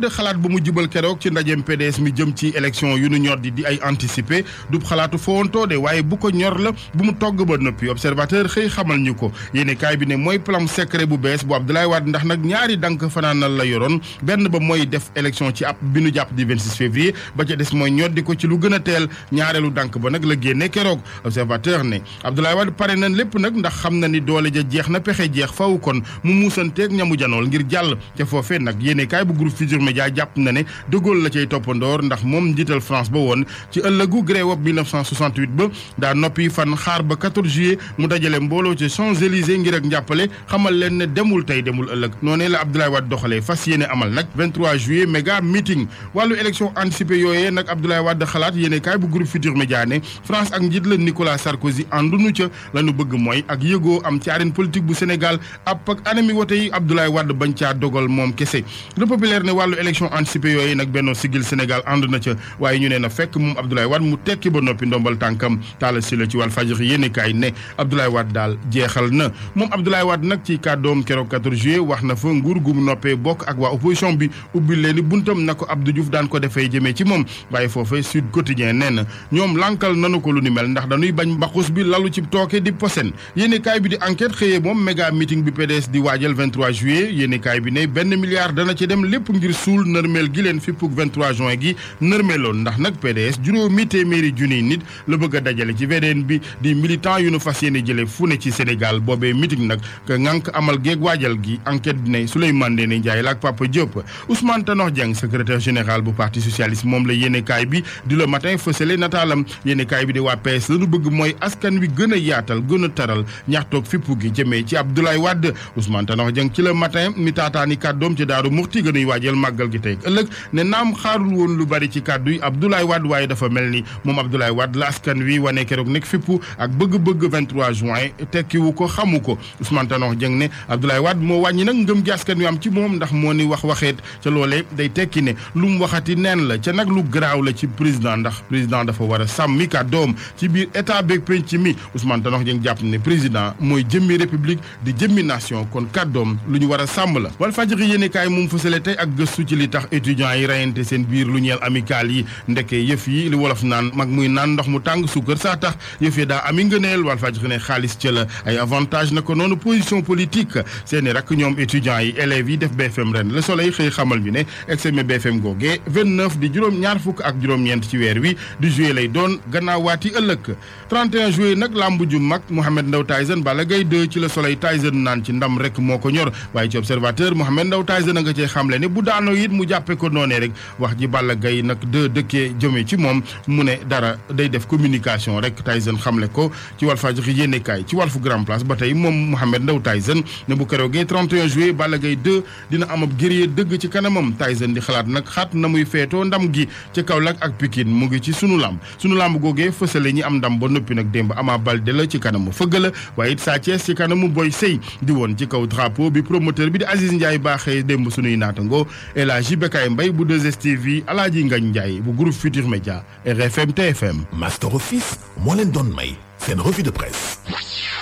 Wade xalaat bu mu jubal keroog ci ndajeem PDS mi jëm ci élection yu nu ñor di di ay bu ko ñor la bu mu togg ba noppi observateur xëy xamal ñu ko yéene kaay bi ne mooy plan secret bu bees bu Abdoulaye Wade ndax nag ñaari dank fanaanal la yoroon benn ba mooy def élection ci ab bi nu jàpp di 26 février ba ca des mooy ñoddi ko ci lu gën a teel ñaareelu dank ba nag la génne keroog observateur ne Abdoulaye Wade pare na lépp nag ndax xam na ni doole ja jeex na pexe jeex faw kon mu muusanteeg ñamu janool ngir jàll ca foofee nag yéene kaay bu groupe Futurs média jàpp na ne de Gaulle la cay toppandoor ndax moom njiital France ba woon ci ëllëgu grève 1968 ba daa noppi fan xaar ba 14 mu dajale mbooloo ci Champs-Élysées ngir ak njàppale xamal leen ne demul tey demul ëllëg noonee la Abdoulaye doxalee fas yéene amal nag 23 juillet méga meeting wàllu élection anticipée yooyee nag Abdoulaye Wade xalaat yéene kaay bu groupe Futurs Médias ne France ak njiit la Nicolas Sarkozy àndunu ca la bëgg mooy ak yëgoo am ci arène politique bu Sénégal ab ak anami wote yi élection anticipée yooyu nag Benno Siggil Sénégal ànd na ca waaye ñu ne na fekk moom Abdoulaye Wade mu tekki ba noppi ndombal tànkam taala si la ci wàllu fajar yéenekaay ne Abdoulaye Wade daal jeexal na moom Abdoulaye Wade nag ci kàddoom keroog 14 juillet wax na fa nguur gu mu noppee bokk ak waa opposition bi ubbi leeni buntam na ko Abdou Diouf daan ko defee jëmee ci moom waaye foofee Sud Quotidien nee na ñoom lankal nanu ko lu ni mel ndax dañuy bañ mbaxus bi lalu ci tooke di posen yéenekaay bi di enquête xëyee moom méga meeting waajal 23 juillet yéenekaay bi ne benn milliard dana ci dem lépp suul nërmeel gi leen ndax nag PDS juróomi téeméeri junniy nit la bëgg a dajale ci VDN bi di militant yu nu fas yéene jële fu ne ci Sénégal boobee meeting nag ke ngànk amal géeg waajal gi enquête ne Souleymane Ndéné Ndiaye la ak Papa Diop Ousmane Tanor Dieng secrétaire général bu parti socialiste moom la yéenekaay bi di le matin fësale nataalam yéenekaay bi di waa PS la nu bëgg mooy askan wi gën a yaatal gën a taral ñaxtoog fippu gi jëmee ci Abdoulaye Wade Ousmane Tanor Dieng ci màggal gi tey ëllëg ne naam xaarul woon lu bari ci kàddu yi Abdoulaye Wade waaye dafa mel ni moom Abdoulaye Wade la askan wi wane keroog nekk fippu ak bëgg-bëgg 23 juin tekkiwu ko xamu ko Ousmane Tanor Dieng ne Abdoulaye Wade moo wàññi nag ngëm gi askan wi am ci moom ndax moo ni wax waxeet ca loolee day tekki ne lu mu waxati neen la ca nag lu garaaw la ci président ndax président dafa war a sàmmi kàddoom ci biir état beeg penc mi Ousmane Tanor Dieng jàpp ne président mooy jëmmi république di jëmmi kon a sàmm la ci li tax étudiants yi rayante seen biir lu ñeel amical yi ndeke yëf yi li wolof naan mag muy naan ndox mu tàng suukar saa tax yëf yi daa ami ngëneel wal faj ne xaalis ca la ay avantage na ko noonu position politique seeni rak ñoom étudiants yi élèves yi def BFM ren le soleil xëy xamal ñu ne examen BFM googee di juróom ñaar fukk ak juróom-ñeent ci weer wi du juillet lay doon gannaawaati ëllëg 31 nag lamb ju mag Mouhamed Ndao Tyson Balla Gaye a jamono it mu jàppee ko noonee rek wax ji Balla gay nag de dëkkee jëmee ci moom mu ne dara day def communication rek Tyson xamle ko ci Walfadjri yéenekaay ci Walfu Grand Place ba tey moom Mouhamed Ndao Tyson ne bu keroogee 31 juillet Balla Gaye dina am ab dëgg ci kanamam Tyson di xalaat nag xaat na muy feetoo ndam gi ci kaw Kaolack ak Pikine mu ngi ci sunu lamb sunu lamb googee fësale ñi am ndam ba noppi nag démb Ama Baldé la ci kanamu fëgg la waaye Sa Thiès kanamu Boy Sey di woon ci kaw drapeau bi promoteur bi di Aziz Ndiaye baaxee démb sunuy naatangoo El Hadji Bécaye Mbaye bu 2STV Alaaji Ngagne Ndiaye bu groupe Futur Média RFM TFM Master Office moo leen doon may seen revue de presse